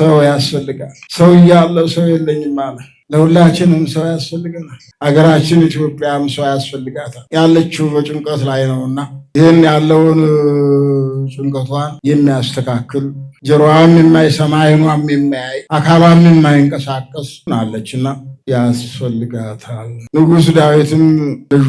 ሰው ያስፈልጋል። ሰው እያለው ሰው የለኝም አለ። ለሁላችንም ሰው ያስፈልገናል። ሀገራችን ኢትዮጵያም ሰው ያስፈልጋታል። ያለችው በጭንቀት ላይ ነውና ይህን ያለውን ጭንቀቷን የሚያስተካክል ጆሮዋም የማይሰማ አይኗም የማያይ አካሏም የማይንቀሳቀስ ናለችና ያስፈልጋታል። ንጉሥ ዳዊትም ልጁ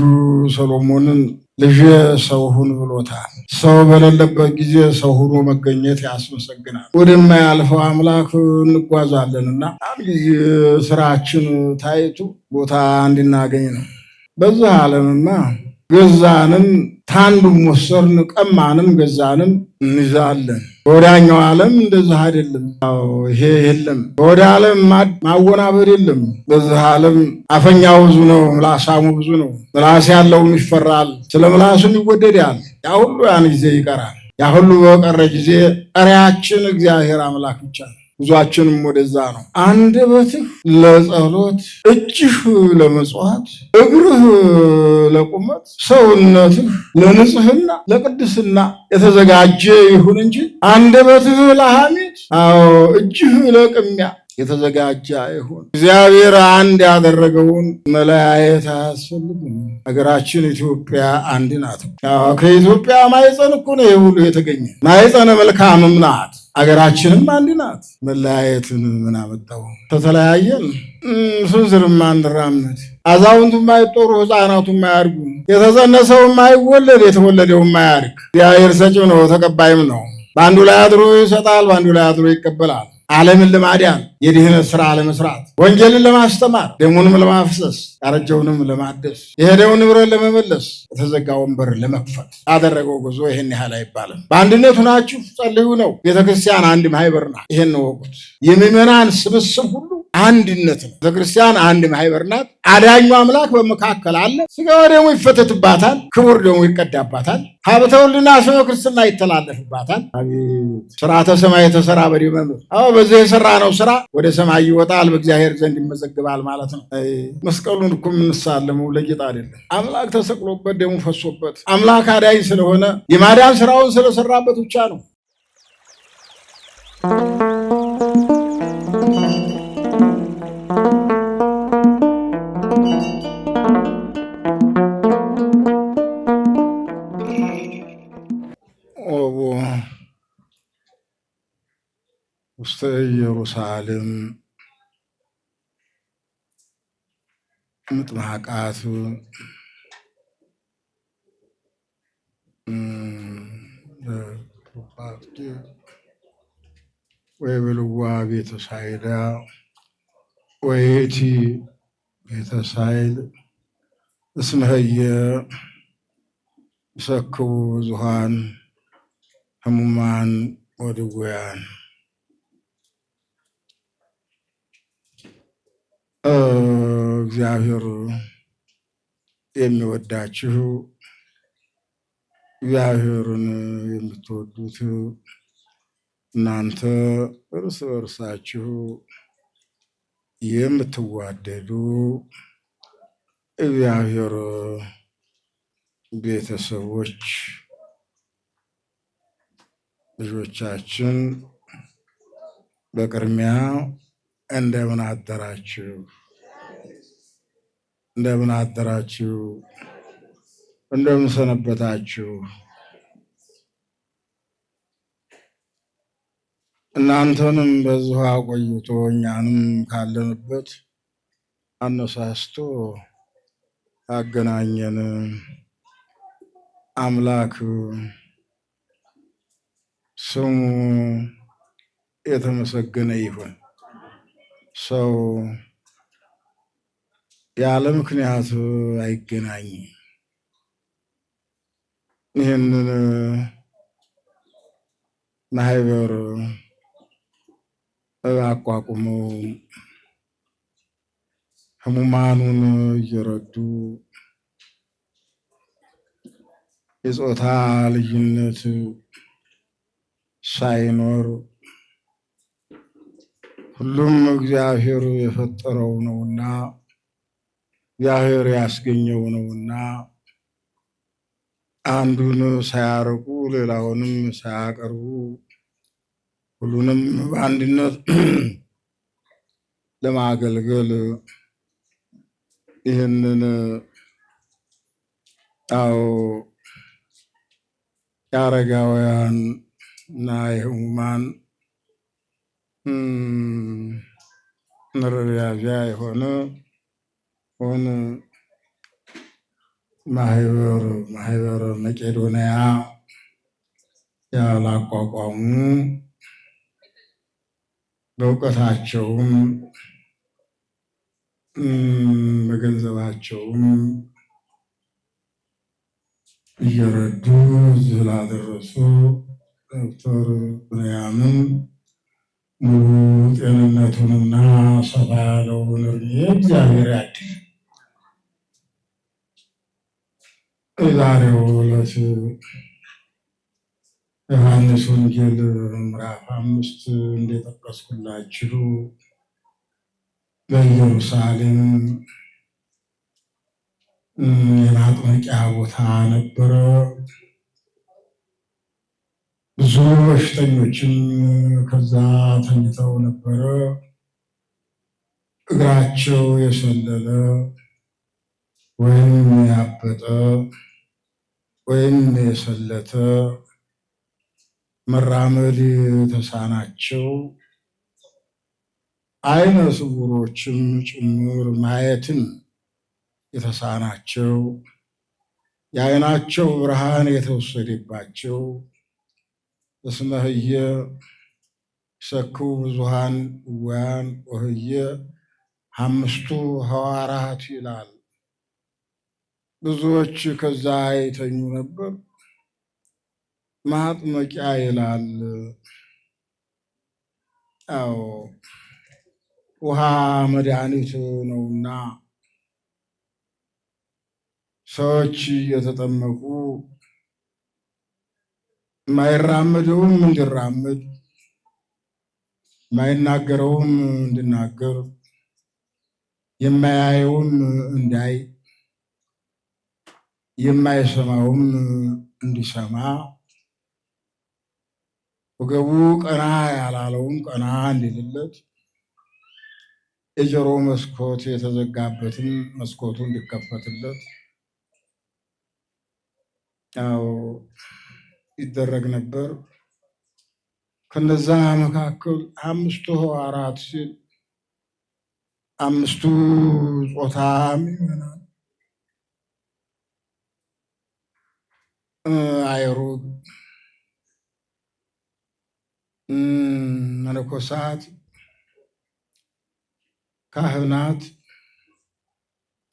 ሰሎሞንን ልጄ ሰው ሁን ብሎታል። ሰው በሌለበት ጊዜ ሰው ሁኖ መገኘት ያስመሰግናል። ወደማያልፈው አምላክ እንጓዛለንና ጊዜ ስራችን ታይቱ ቦታ እንድናገኝ ነው። በዛ ዓለምማ ገዛንን ታንዱ ሞሰርን ቀማንም፣ ገዛንም እንዛለን በወዳኛው ዓለም እንደዚህ አይደለም። ይሄ የለም። በወደ ዓለም ማወናበድ የለም። በዚህ ዓለም አፈኛው ብዙ ነው፣ ምላሳሙ ብዙ ነው። ምላስ ያለውም ይፈራል፣ ስለ ምላሱም ይወደዳል። ያ ሁሉ ያን ጊዜ ይቀራል። ያ ሁሉ በቀረ ጊዜ ቀሪያችን እግዚአብሔር አምላክ ብቻ ነው። ጉዟችንም ወደዛ ነው። አንደበትህ ለጸሎት፣ እጅህ ለመጽዋት፣ እግርህ ለቁመት፣ ሰውነትህ ለንጽህና ለቅድስና የተዘጋጀ ይሁን እንጂ አንደበትህ ለሐሜት፣ አዎ እጅህ ለቅሚያ የተዘጋጀ ይሁን። እግዚአብሔር አንድ ያደረገውን መለያየት አያስፈልግም። ሀገራችን ኢትዮጵያ አንድ ናት። ከኢትዮጵያ ማይፀን እኮ ነው ይህ ሁሉ የተገኘ ማይፀነ መልካምም ናት። አገራችንም አንድ ናት። መለያየትን ምን አመጣው? ተተለያየን ስንዝርም አንራምድ። አዛውንቱ ማይጦሩ ህፃናቱ ማያርጉ የተጸነሰው የማይወለድ የተወለደው ማያርግ እግዚአብሔር ሰጭ ነው ተቀባይም ነው። በአንዱ ላይ አድሮ ይሰጣል፣ በአንዱ ላይ አድሮ ይቀበላል። ዓለምን ለማዳን የድህነት ስራ ለመስራት ወንጌልን ለማስተማር ደሙንም ለማፍሰስ ያረጀውንም ለማደስ የሄደውን ንብረት ለመመለስ የተዘጋ ወንበር ለመክፈት ያደረገው ጉዞ ይህን ያህል አይባልም። በአንድነት ናችሁ ጸልዩ ነው። ቤተክርስቲያን አንድ ማህበር ይህን ወቁት። የምዕመናን ስብስብ ሁሉ አንድነት ነው። ቤተክርስቲያን አንድ ማህበር ናት። አዳኙ አምላክ በመካከል አለ። ስጋው ደግሞ ይፈተትባታል፣ ክቡር ደግሞ ይቀዳባታል፣ ሀብተ ወልድና ስመ ክርስትና ይተላለፍባታል። ስርዓተ ሰማይ የተሰራ በዲመም አዎ፣ በዚህ የሰራ ነው ስራ ወደ ሰማይ ይወጣል፣ በእግዚአብሔር ዘንድ ይመዘግባል ማለት ነው። መስቀሉን እኮ የምንሳለመው ለጌጥ አይደለም። አምላክ ተሰቅሎበት ደግሞ ፈሶበት፣ አምላክ አዳኝ ስለሆነ የማዳን ስራውን ስለሰራበት ብቻ ነው። ውስተ ኢየሩሳሌም ምጥማቃት ወይ ብልዋ ቤተ ሳይዳ ወይቲ ቤተ ሳይል እስመህየ ይሰክቡ ብዙኃን ሕሙማን እግዚአብሔር የሚወዳችሁ እግዚአብሔርን የምትወዱት እናንተ እርስ በርሳችሁ የምትዋደዱ እግዚአብሔር ቤተሰቦች ልጆቻችን በቅድሚያ እንደምን አደራችሁ፣ እንደምን አደራችሁ፣ እንደምን ሰነበታችሁ። እናንተንም በዚሁ አቆይቶ እኛንም ካለንበት አነሳስቶ አገናኘን። አምላክ ስሙ የተመሰገነ ይሁን። ሰው ያለ ምክንያት አይገናኝም። ይህንን ማህበር አቋቁመው ህሙማኑን እየረዱ የጾታ ልዩነት ሳይኖር ሁሉም እግዚአብሔር የፈጠረው ነውና እግዚአብሔር ያስገኘው ነውና አንዱን ሳያርቁ ሌላውንም ሳያቀርቡ ሁሉንም በአንድነት ለማገልገል ይህንን አዎ የአረጋውያን እና የሕሙማን መረዳጃ የሆነ ሆነ ማህበር ማህበረ መቄዶንያ ያላቋቋሙ በእውቀታቸውም በገንዘባቸውም እየረዱ እዚህ ዶክተር ብንያምን ሙሉ ጤንነቱንና ሰፋ ያለውን እድሜ እግዚአብሔር ያድል። የዛሬው ዕለት ዮሐንስ ወንጌል ምዕራፍ አምስት እንደጠቀስኩላችሁ በኢየሩሳሌም የማጥመቂያ ቦታ ነበረ። ብዙ በሽተኞችም ከዛ ተኝተው ነበረ። እግራቸው የሰለለ ወይም ያበጠ ወይም የሰለተ መራመድ የተሳናቸው አይነ ስውሮችም ጭምር ማየትን የተሳናቸው የአይናቸው ብርሃን የተወሰደባቸው እስመ ህየ ሰክዉ ብዙሃን እወያን ወህየ አምስቱ ሐዋርያት ይላል። ብዙዎች ከዛ ይተኙ ነበር። ማጥመቂያ ይላል። አዎ ውሃ መድኃኒት ነውና ሰዎች እየተጠመቁ የማይራመደውም እንድራመድ የማይናገረውም እንድናገር የማያየውም እንዳይ የማይሰማውም እንዲሰማ ወገቡ ቀና ያላለውም ቀና እንዲልለት የጆሮ መስኮት የተዘጋበትን መስኮቱ እንዲከፈትለት ያው ይደረግ ነበር። ከነዛ መካከል አምስቱ ህዋራት ሲል አምስቱ ጾታ ምዕመናን አይሩግ፣ መነኮሳት፣ ካህናት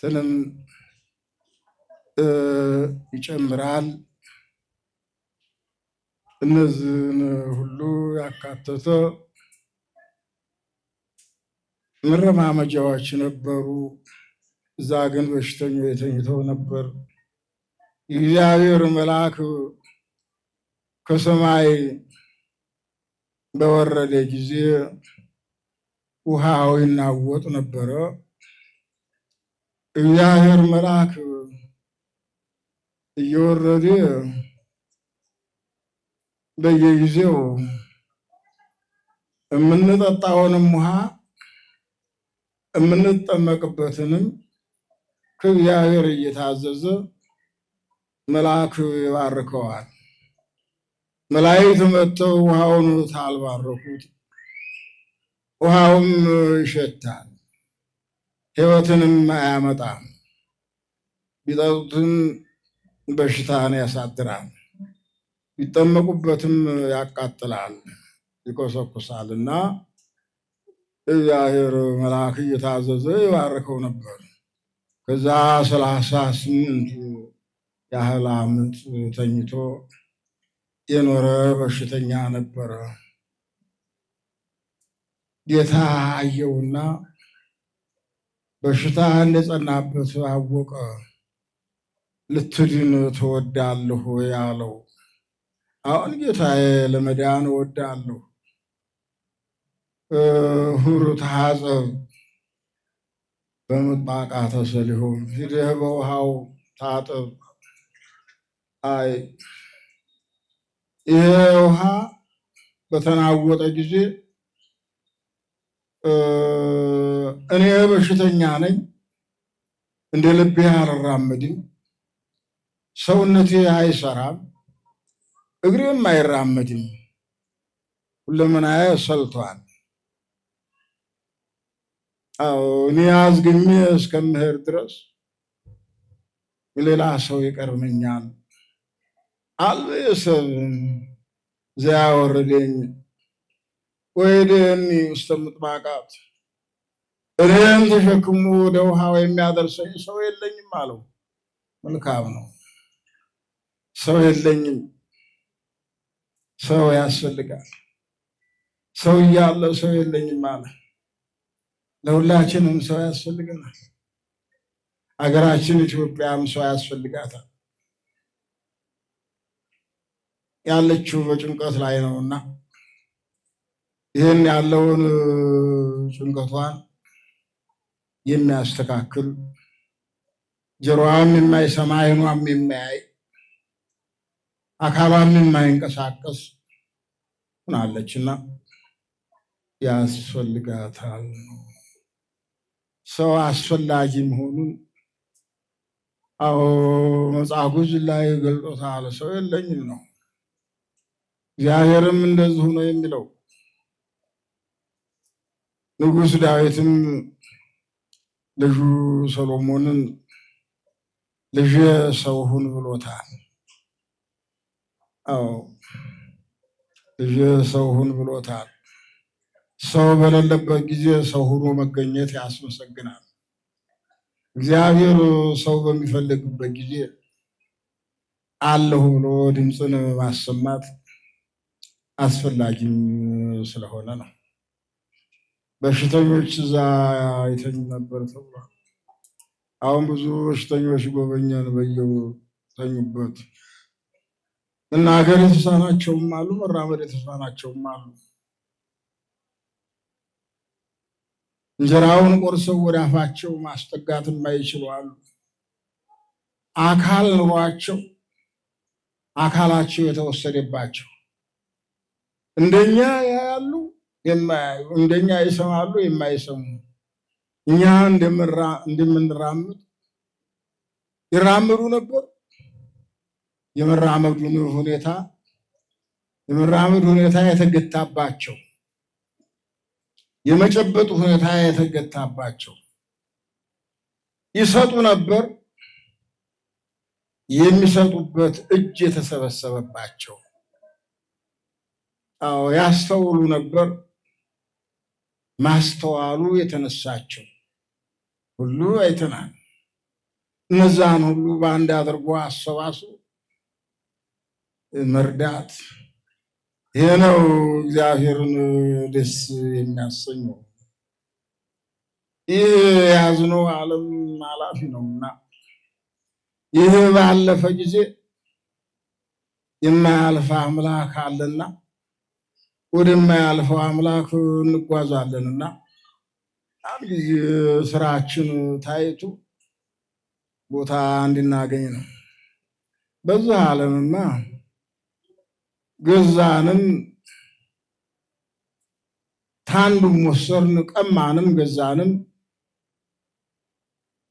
ትንም ይጨምራል። እነዚህን ሁሉ ያካተተ መረማመጃዎች ነበሩ። እዛ ግን በሽተኞች የተኝተው ነበር። እግዚአብሔር መልአክ ከሰማይ በወረደ ጊዜ ውሃው ይናወጥ ነበረ። እግዚአብሔር መልአክ እየወረደ በየጊዜው የምንጠጣውንም ውሃ የምንጠመቅበትንም ከእግዚአብሔር እየታዘዘ መልአክ ይባርከዋል። መላእክት መጥተው ውሃውን ታልባረኩት፣ ውሃውም ይሸታል፣ ሕይወትንም አያመጣም፣ ቢጠጡትም በሽታን ያሳድራል። ቢጠመቁበትም ያቃጥላል፣ ይቆሰቁሳል እና እግዚአብሔር መልአክ እየታዘዘ ይባርከው ነበር። ከዛ ሰላሳ ስምንት ያህል ዓመት ተኝቶ የኖረ በሽተኛ ነበረ። ጌታ አየውና በሽታ እንደጸናበት አወቀ። ልትድን ትወዳለሁ ያለው አሁን ጌታዬ ለመዳን እወዳለሁ። ሁሩ ሐጸብ በምጥማቃ ተሰሊሆም ሂደህ በውሃው ታጥብ። አይ ይሄ ውሃ በተናወጠ ጊዜ እኔ በሽተኛ ነኝ፣ እንደ ልቤ አልራመድም፣ ሰውነቴ አይሰራም እግርም አይራመድም፣ ሁለመናዬ ሰልቷል። አዎ እኔ አዝግሜ እስከምህር ድረስ ሌላ ሰው ይቀርመኛል። አልብ ሰብ ዘያ ወረደኝ ወይደኒ ውስተ ምጥማቃት እኔም ተሸክሙ ወደ ውሃ የሚያደርሰኝ ሰው የለኝም አለው። መልካም ነው። ሰው የለኝም ሰው ያስፈልጋል። ሰው እያለው ሰው የለኝም አለ። ለሁላችንም ሰው ያስፈልገናል። አገራችን ኢትዮጵያም ሰው ያስፈልጋታል። ያለችው በጭንቀት ላይ ነውና ይህን ያለውን ጭንቀቷን የሚያስተካክል ጆሮዋም የማይሰማ አይኗም የማያይ አካሏን የማይንቀሳቀስ ሆናለችና ያስፈልጋታል። ሰው አስፈላጊ መሆኑን አዎ መጽሐፉ ላይ ገልጦታል። ሰው የለኝም ነው እግዚአብሔርም እንደዚሁ ነው የሚለው። ንጉሥ ዳዊትም ልጁ ሰሎሞንን ልጄ ሰው ሁን ብሎታል። አዎ ልጄ ሰው ሁን ብሎታል። ሰው በሌለበት ጊዜ ሰው ሁኖ መገኘት ያስመሰግናል። እግዚአብሔር ሰው በሚፈልግበት ጊዜ አለሁ ብሎ ድምፅን ማሰማት አስፈላጊም ስለሆነ ነው። በሽተኞች እዛ አይተኝ ነበር ተብሏል። አሁን ብዙ በሽተኞች ጎበኛን በየተኙበት መናገር የተሳናቸውም አሉ፣ መራመድ የተሳናቸውም አሉ። እንጀራውን ቆርሰው ወደ አፋቸው ማስጠጋት የማይችሉ አሉ። አካል ኑሯቸው አካላቸው የተወሰደባቸው እንደኛ ያያሉ የማያዩ እንደኛ ይሰማሉ የማይሰሙ እኛ እንደምንራምድ ይራምዱ ነበር የመራመዱን ሁኔታ የመራመድ ሁኔታ የተገታባቸው የመጨበጥ ሁኔታ የተገታባቸው ይሰጡ ነበር የሚሰጡበት እጅ የተሰበሰበባቸው። አዎ ያስተውሉ ነበር ማስተዋሉ የተነሳቸው ሁሉ አይተናል። እነዛን ሁሉ በአንድ አድርጎ አሰባስቡ መርዳት። ይህ ነው እግዚአብሔርን ደስ የሚያሰኘው። ይህ የያዝነው ዓለም አላፊ ነውና ይህ ባለፈ ጊዜ የማያልፈ አምላክ አለና ወደማያልፈው አምላክ እንጓዛለንና አንድ ጊዜ ስራችን ታይቱ ቦታ እንድናገኝ ነው። በዚህ ዓለምማ ገዛንም ታንዱ ሞሰር ቀማንም ገዛንም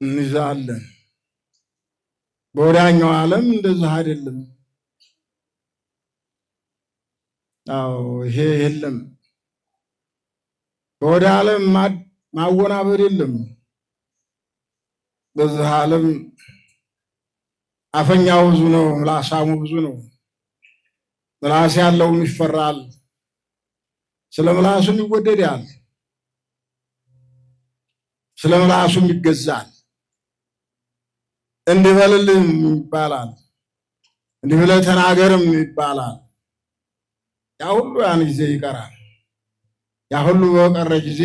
እንይዛለን። በወዳኛው ዓለም እንደዛ አይደለም። አዎ ይሄ የለም። በወደ ዓለም ማወናበድ የለም። በዚህ ዓለም አፈኛው ብዙ ነው፣ ምላሳሙ ብዙ ነው። ምላስ ያለውም ይፈራል፣ ስለ ምላሱም ይወደዳል፣ ስለ ምላሱም ይገዛል። እንዲህ በልልም ይባላል፣ እንዲህ ተናገርም ይባላል። ያ ሁሉ ያን ጊዜ ይቀራል። ያ ሁሉ በቀረ ጊዜ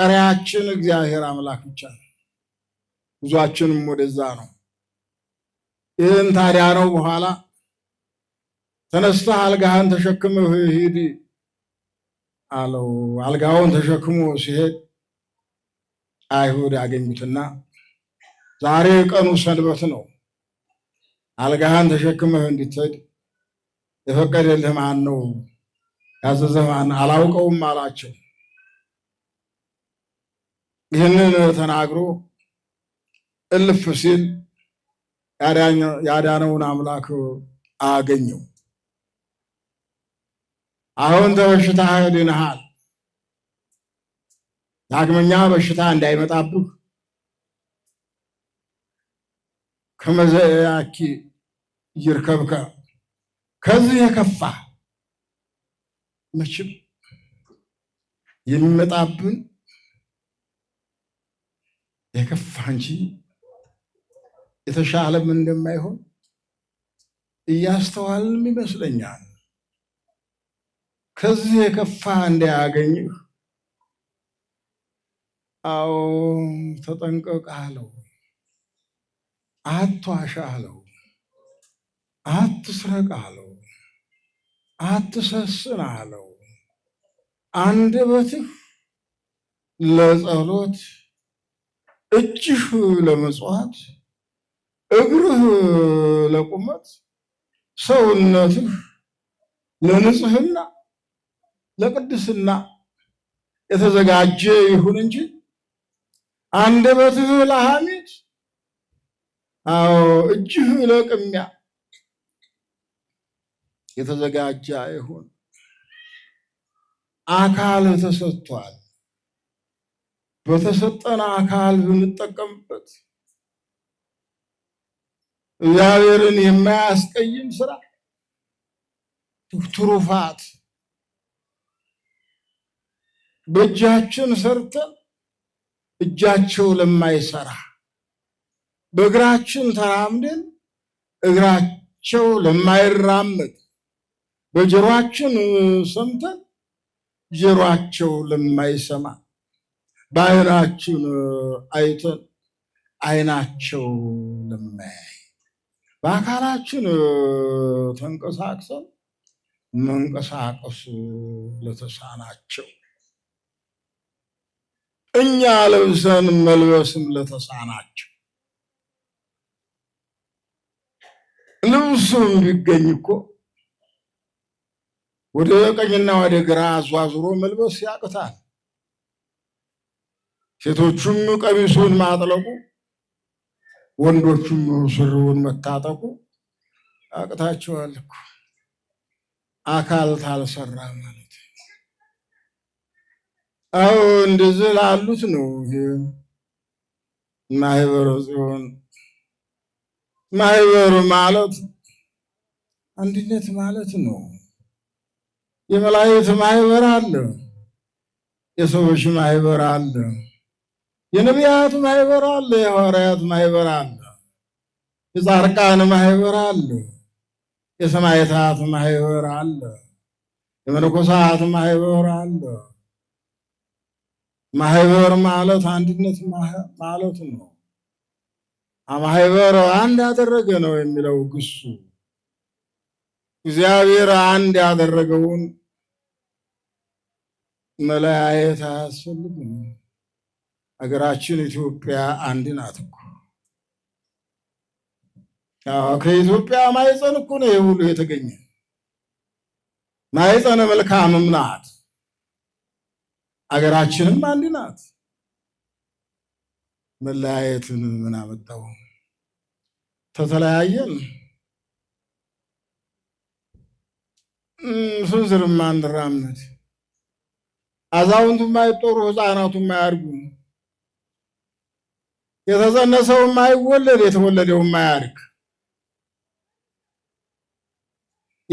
ቀሪያችን እግዚአብሔር አምላክ ብቻ ነው። ጉዟችንም ወደዛ ነው። ይህን ታዲያ ነው በኋላ ተነስተህ አልጋህን ተሸክመህ ሂድ አለው። አልጋውን ተሸክሞ ሲሄድ አይሁድ ያገኙትና ዛሬ ቀኑ ሰንበት ነው፣ አልጋህን ተሸክመህ እንድትሄድ የፈቀደልህ ማን ነው? ያዘዘህ ማን? አላውቀውም አላቸው። ይህንን ተናግሮ እልፍ ሲል ያዳነውን አምላክ አገኘው። አሁን ተበሽታ ድነሃል። ዳግመኛ በሽታ እንዳይመጣብህ ከመዘያኪ ይርከብከ ከዚህ የከፋ መቼም የሚመጣብን የከፋ እንጂ የተሻለም እንደማይሆን እያስተዋልም ይመስለኛል። ከዚህ የከፋ እንዳያገኝህ አዎ ተጠንቀቅ አለው። አትዋሻ አለው። አትስረቅ አለው። አትሰስን አለው። አንደበትህ ለጸሎት፣ እጅህ ለመጽዋት፣ እግርህ ለቁመት፣ ሰውነትህ ለንጽህና ለቅድስና የተዘጋጀ ይሁን እንጂ አንደበትህ ለሐሜት፣ አዎ እጅህ ለቅሚያ የተዘጋጀ አይሁን። አካል ተሰጥቷል። በተሰጠን አካል ብንጠቀምበት እግዚአብሔርን የማያስቀይም ስራ ትሩፋት በእጃችን ሰርተን እጃቸው ለማይሰራ በእግራችን ተራምደን እግራቸው ለማይራመድ በጆሯችን ሰምተን ጆሯቸው ለማይሰማ በአይናችን አይተን አይናቸው ለማያይ በአካላችን ተንቀሳቅሰን መንቀሳቀስ ለተሳናቸው እኛ ለብሰን መልበስም ለተሳናቸው ልብሱም ቢገኝ እኮ ወደ ቀኝና ወደ ግራ አዟዝሮ መልበስ ያቅታል። ሴቶቹም ቀሚሱን ማጥለቁ፣ ወንዶቹም ሱሪውን መታጠቁ ያቅታቸዋል እኮ አካል ታልሰራ ማለት አዎ እንደዚህ ላሉት ነው ማህበረ ጽዮን። ማህበሩ ማለት አንድነት ማለት ነው። የመላእክት ማህበር አለ፣ የሰዎች ማህበር አለ፣ የነቢያት ማህበር አለ፣ የሐዋርያት ማህበር አለ፣ የጻድቃን ማህበር አለ፣ የሰማዕታት ማህበር አለ፣ የመነኮሳት ማህበር አለ ማህበር ማለት አንድነት ማለት ነው። ማህበር አንድ ያደረገ ነው የሚለው ግሱ እግዚአብሔር አንድ ያደረገውን መለያየት አያስፈልግም። ሀገራችን ኢትዮጵያ አንድ ናት እኮ። ከኢትዮጵያ ማይፀን እኮ ነው ይህ ሁሉ የተገኘ። ማይፀነ መልካምም ናት። አገራችንም አንድ ናት። መለያየትን ምን አመጣው? ተተለያየን ስንዝር ማንራምነት አዛውንቱ ማይጦሩ ህፃናቱ ማያድጉ የተጸነሰው ማይወለድ የተወለደው ማያድግ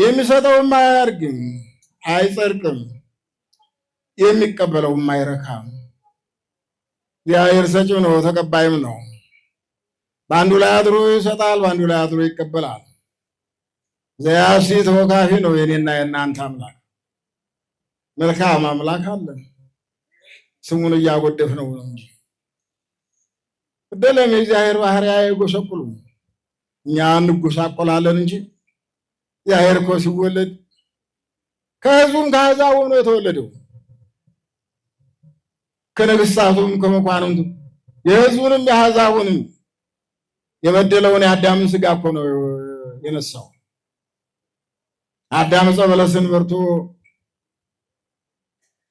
የሚሰጠው ማያርግም አይጸድቅም። የሚቀበለው አይረካም። እግዚአብሔር ሰጪው ነው ተቀባይም ነው። በአንዱ ላይ አድሮ ይሰጣል፣ በአንዱ ላይ አድሮ ይቀበላል። ዘያሲ ተወካፊ ነው የኔና የእናንተ አምላክ። መልካም አምላክ አለን። ስሙን እያጎደፍ ነው ነው እንጂ እደለም የእግዚአብሔር ባህሪያ የጎሰቁሉ እኛ እንጎሳቆላለን እንጂ እግዚአብሔር እኮ ሲወለድ ከህዝቡም ከአሕዛብም ነው የተወለደው። ከነገስታቱም ከመኳንንቱ የህዝቡንም የአሕዛቡንም የበደለውን የአዳምን ስጋ እኮ ነው የነሳው። አዳም ዕፀ በለስን በርቶ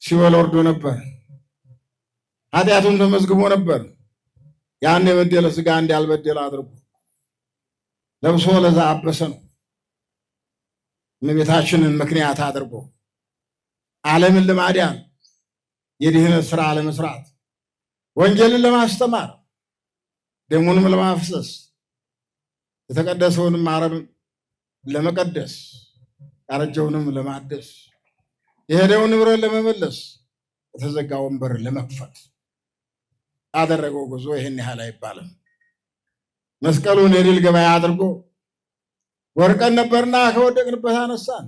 ሲበል ወርዶ ነበር። ኃጢአቱም ተመዝግቦ ነበር። ያን የበደለ ስጋ እንዲያልበደለ አድርጎ ለብሶ ለዛ አበሰ ነው እመቤታችንን ምክንያት አድርጎ ዓለምን ለማዳን የድህነት ስራ ለመስራት ወንጌልን ለማስተማር ደሙንም ለማፍሰስ የተቀደሰውንም አረም ለመቀደስ ያረጀውንም ለማደስ የሄደውን ንብረት ለመመለስ የተዘጋ ወንበር ለመክፈት ያደረገው ጉዞ ይህን ያህል አይባልም። መስቀሉን የድል ገበያ አድርጎ ወርቀን ነበርና ከወደቅንበት አነሳን፣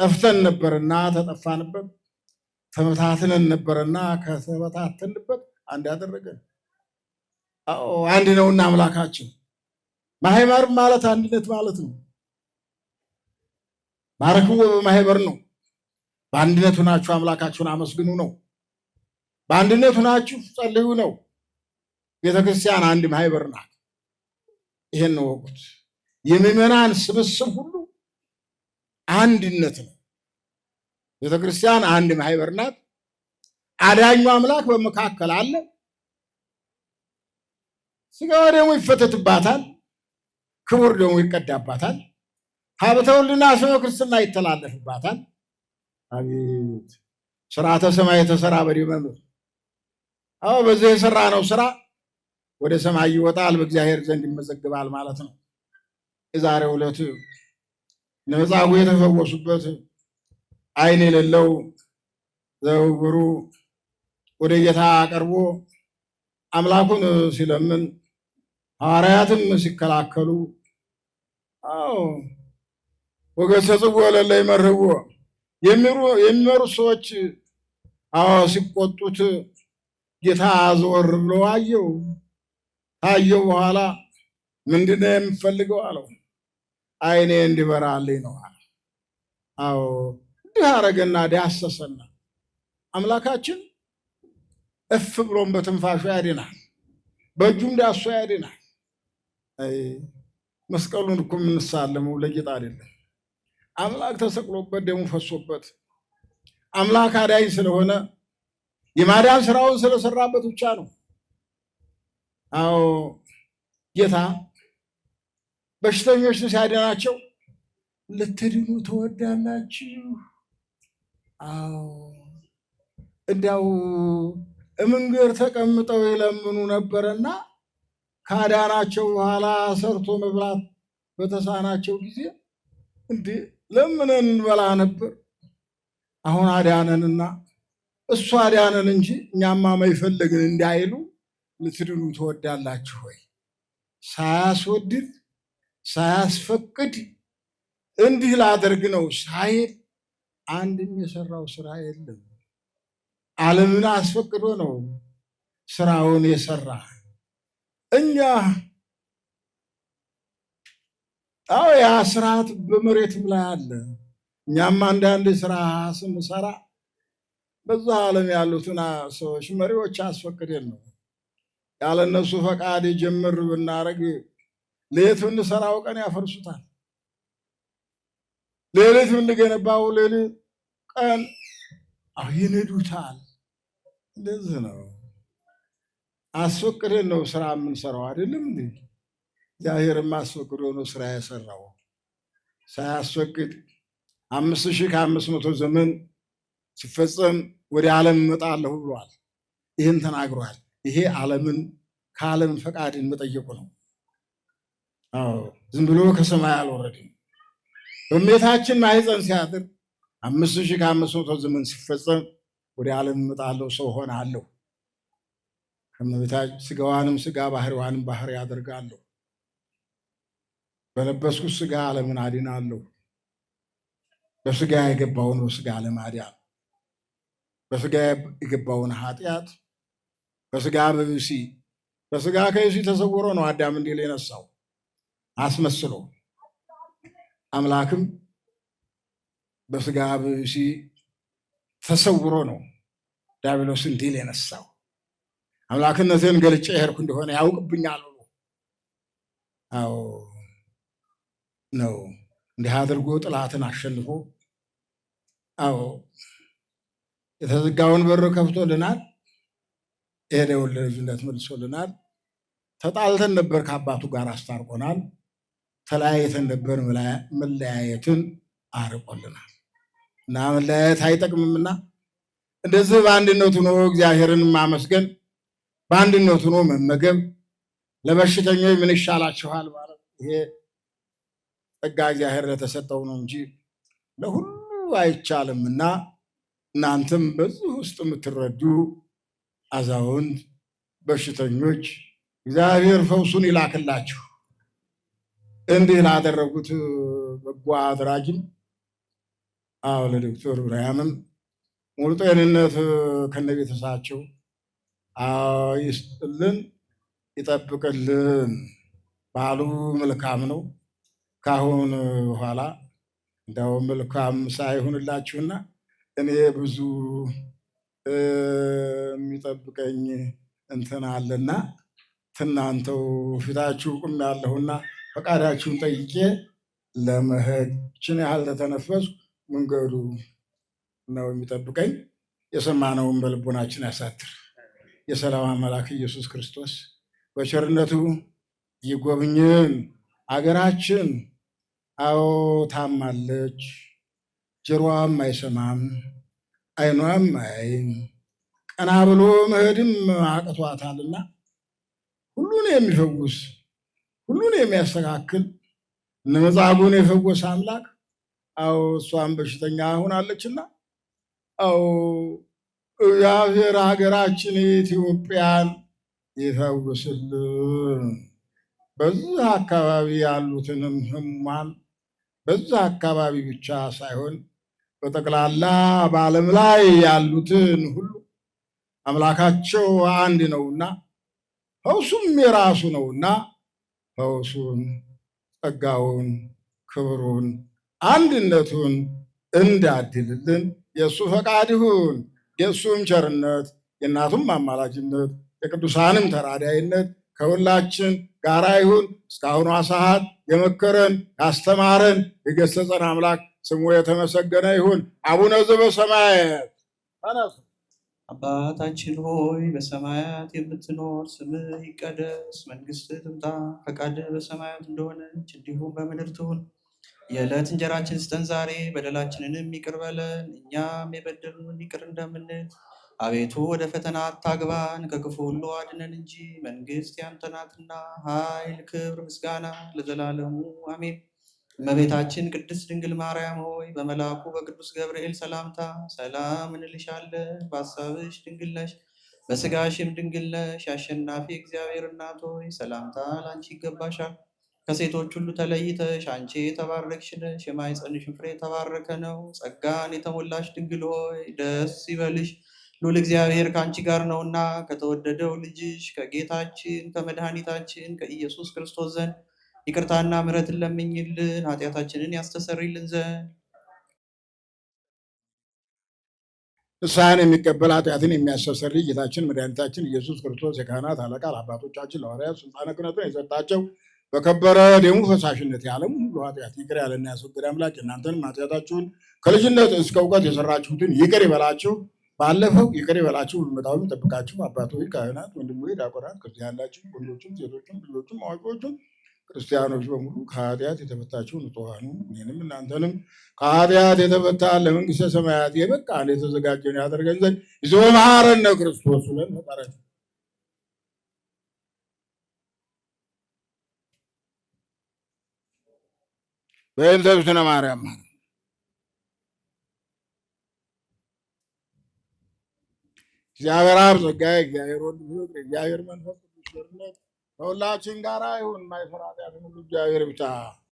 ጠፍተን ነበርና ተጠፋንበት ተበታትነን ነበርና ከተበታተንበት አንድ ያደረገ አንድ ነውና አምላካችን። ማህበር ማለት አንድነት ማለት ነው። ባረክዎ በማህበር ነው። በአንድነት ሁናችሁ አምላካችሁን አመስግኑ ነው። በአንድነት ሁናችሁ ጸልዩ ነው። ቤተክርስቲያን አንድ ማህበር ናት። ይሄን ነው ወቁት። የምዕመናን ስብስብ ሁሉ አንድነት ነው። ቤተ ክርስቲያን አንድ ማህበር ናት። አዳኙ አምላክ በመካከል አለ። ስጋ ደግሞ ይፈተትባታል፣ ክቡር ደግሞ ይቀዳባታል፣ ሀብተ ውልድና ስመ ክርስትና ይተላለፍባታል። አቤት ስርዓተ ሰማይ የተሰራ በዲመምር አዎ፣ በዚህ የሰራ ነው ስራ ወደ ሰማይ ይወጣል፣ በእግዚአብሔር ዘንድ ይመዘግባል ማለት ነው። የዛሬ ዕለት እነ የተፈወሱበት ዓይን የሌለው ዘውግሩ ወደ ጌታ ቀርቦ አምላኩን ሲለምን ሐዋርያትም ሲከላከሉ አዎ ወገሰጽዎ ለለ ይመርህዎ የሚመሩ ሰዎች አዎ ሲቆጡት ጌታ አዘወር ብሎ አየው። ካየው በኋላ ምንድን ነው የምፈልገው አለው። ዓይኔ እንዲበራልኝ ነው አለ። አዎ እንዲህ አረገና ዳሰሰና አምላካችን እፍ ብሎን በትንፋሹ ያድናል፣ በእጁም ዳሶ ያድናል። መስቀሉን እኮ የምንሳለመው ለጌጥ አይደለም። አምላክ ተሰቅሎበት ደሙ ፈሶበት አምላክ አዳኝ ስለሆነ የማዳን ስራውን ስለሰራበት ብቻ ነው። አዎ ጌታ በሽተኞችን ሲያድናቸው ልትድኑ ትወዳላችሁ አዎ እንዲያው እምንግር ተቀምጠው ይለምኑ ነበርና ካዳናቸው በኋላ ሰርቶ መብላት በተሳናቸው ጊዜ እንዲ ለምነን እንበላ ነበር። አሁን አዳነንና እሱ አዳነን እንጂ እኛማ መይፈለግን እንዳይሉ ልትድኑ ትወዳላችሁ ወይ? ሳያስወድድ ሳያስፈቅድ እንዲህ ላደርግ ነው ሳይል አንድም የሰራው ስራ የለም። ዓለምን አስፈቅዶ ነው ስራውን የሰራ። እኛ አዎ ያ ስርዓት በመሬትም ላይ አለ። እኛም አንዳንድ ስራ ስንሰራ በዛ ዓለም ያሉትን ሰዎች መሪዎች አስፈቅደን ነው። ያለ እነሱ ፈቃድ ጀምር ብናደርግ ለየት ብንሰራው ቀን ያፈርሱታል። ሌሊት ብንገነባው ሌሊት ቃል ይነዱታል። እንደዚህ ነው። አስፈቅደን ነው ስራ የምንሰራው አይደለም እ እግዚአብሔርም አስፈቅዶ ነው ስራ ያሰራው። ሳያስፈቅድ አምስት ሺህ ከአምስት መቶ ዘመን ሲፈጸም ወደ ዓለም እመጣለሁ ብሏል። ይህን ተናግሯል። ይሄ ዓለምን ከዓለም ፈቃድን መጠየቁ ነው። አዎ ዝም ብሎ ከሰማይ አልወረድም። በእመቤታችን ማኅፀን ሲያድር አምስት ሺህ ከአምስት መቶ ዘመን ሲፈጸም ወደ ዓለም እመጣለሁ ሰው ሆናለሁ። ከመቤታ ስጋዋንም ስጋ ባህሪዋንም ባህሪ አደርጋለሁ። በለበስኩት ስጋ ዓለምን አድናለሁ። በስጋ የገባውን በስጋ ዓለም በስጋ የገባውን ኃጢአት በስጋ በብሲ በስጋ ከብሲ ተሰውሮ ነው አዳም እንዲል የነሳው አስመስሎ አምላክም በስጋ ብእሲ ተሰውሮ ነው ዲያብሎስን ድል የነሳው። አምላክነትን ገልጬ የሄድኩ እንደሆነ ያውቅብኛል ብሎ አዎ ነው እንዲህ አድርጎ ጥላትን አሸንፎ አዎ የተዘጋውን በር ከፍቶልናል። የሄደውን ለልጅነት መልሶልናል። ተጣልተን ነበር ከአባቱ ጋር አስታርቆናል። ተለያየተን ነበር መለያየትን አርቆልናል። ምናምን አይጠቅምምና እንደዚህ በአንድነት ሆኖ እግዚአብሔርን ማመስገን በአንድነት ሆኖ መመገብ ለበሽተኞች ምን ይሻላችኋል ማለት ይሄ ጸጋ እግዚአብሔር ለተሰጠው ነው እንጂ ለሁሉ አይቻልምና እናንተም በዚህ ውስጥ የምትረዱ አዛውንት በሽተኞች እግዚአብሔር ፈውሱን ይላክላችሁ። እንዲህ ላደረጉት በጎ አድራጊም አዎ ለዶክተር ብርሃምም ሙሉ ጤንነት ከነቤተሰባቸው ይስጥልን፣ ይጠብቅልን። በዓሉ መልካም ነው። ካሁን በኋላ እንደው መልካም ሳይሆንላችሁና እኔ ብዙ የሚጠብቀኝ እንትን አለና ትናንተው ፊታችሁ ቁም ያለሁና ፈቃዳችሁን ጠይቄ ለመሄድ ችን ያህል ተተነፈስኩ። መንገዱ ነው የሚጠብቀኝ። የሰማነውን በልቦናችን ያሳትር የሰላም አምላክ ኢየሱስ ክርስቶስ በቸርነቱ ይጎብኝን። አገራችን አዎ ታማለች፣ ጆሮዋም አይሰማም፣ አይኗም አይም ቀና ብሎ መሄድም አቅቷታልና ሁሉን የሚፈውስ ሁሉን የሚያስተካክል እነ የፈወሰ አምላክ አው እሷም በሽተኛ ሆናለችና፣ አው እግዚአብሔር ሀገራችን ኢትዮጵያን ይፈውስልን። በዛ አካባቢ ያሉትንም ህሙማን በዛ አካባቢ ብቻ ሳይሆን በጠቅላላ በዓለም ላይ ያሉትን ሁሉ አምላካቸው አንድ ነውና ፈውሱም የራሱ ነውና ፈውሱን ጸጋውን ክብሩን አንድነቱን እንዳድልልን የእሱ ፈቃድ ይሁን። የእሱም ቸርነት የእናቱም አማላጅነት የቅዱሳንም ተራዳይነት ከሁላችን ጋራ ይሁን። እስካሁኗ ሰዓት የመከረን ያስተማረን የገሰጸን አምላክ ስሙ የተመሰገነ ይሁን። አቡነ ዘበሰማያት አባታችን ሆይ በሰማያት የምትኖር ስምህ ይቀደስ፣ መንግስት ትምጣ፣ ፈቃድ በሰማያት እንደሆነች እንዲሁም በምድር ትሁን የዕለት እንጀራችን ስጠን ዛሬ፣ በደላችንንም ይቅር በለን እኛም የበደሉን ይቅር እንደምንል። አቤቱ ወደ ፈተና አታግባን፣ ከክፉ ሁሉ አድነን እንጂ መንግስት ያንተ ናትና፣ ኃይል፣ ክብር፣ ምስጋና ለዘላለሙ አሜን። እመቤታችን ቅድስት ድንግል ማርያም ሆይ በመልአኩ በቅዱስ ገብርኤል ሰላምታ ሰላም እንልሻለን። በሀሳብሽ ድንግል ነሽ፣ በስጋሽም ድንግል ነሽ። አሸናፊ እግዚአብሔር እናት ሆይ ሰላምታ ላንቺ ይገባሻል። ከሴቶች ሁሉ ተለይተሽ አንቺ የተባረክሽ ነሽ፣ የማኅፀንሽን ፍሬ የተባረከ ነው። ጸጋን የተሞላሽ ድንግል ሆይ ደስ ይበልሽ፣ ልዑል እግዚአብሔር ከአንቺ ጋር ነውና ከተወደደው ልጅሽ ከጌታችን ከመድኃኒታችን ከኢየሱስ ክርስቶስ ዘንድ ይቅርታና ምሕረትን ለምኝልን ኃጢአታችንን ያስተሰርይልን ዘንድ ንስሐን የሚቀበል ኃጢአትን የሚያስተሰርይ ጌታችን መድኃኒታችን ኢየሱስ ክርስቶስ የካህናት አለቃ አባቶቻችን ለሐዋርያት ስልጣነ ክህነቱን የሰጣቸው በከበረ ደሙ ፈሳሽነት የዓለም ሁሉ ኃጢአት ይቅር ያለና ያስወገደ አምላክ እናንተንም ኃጢአታችሁን ከልጅነት እስከ እውቀት የሰራችሁትን ይቅር ይበላችሁ ባለፈው ይቅር ይበላችሁ ሁልመጣውን ይጠብቃችሁ። አባቶች፣ ካህናት፣ ወንድሞች፣ ዲያቆናት፣ ክርስቲያን ያላችሁ ወንዶችም፣ ሴቶችም፣ ልጆችም፣ አዋቂዎችም ክርስቲያኖች በሙሉ ከኃጢአት የተፈታችሁ ንጹሐኑ እኔንም እናንተንም ከኃጢአት የተፈታ ለመንግስተ ሰማያት የበቃ የተዘጋጀን ያደርገን ዘንድ ይዞ መሐረነ ክርስቶስ ብለን መጣራችሁ በእንተ ብስነ ማርያም እግዚአብሔር አብ ጸጋ እግዚአብሔር ወልድ እግዚአብሔር መንፈስ ቅዱስ ቸርነት ከሁላችን ጋር ይሁን። ማይፈራ ያንን ሁሉ እግዚአብሔር ብቻ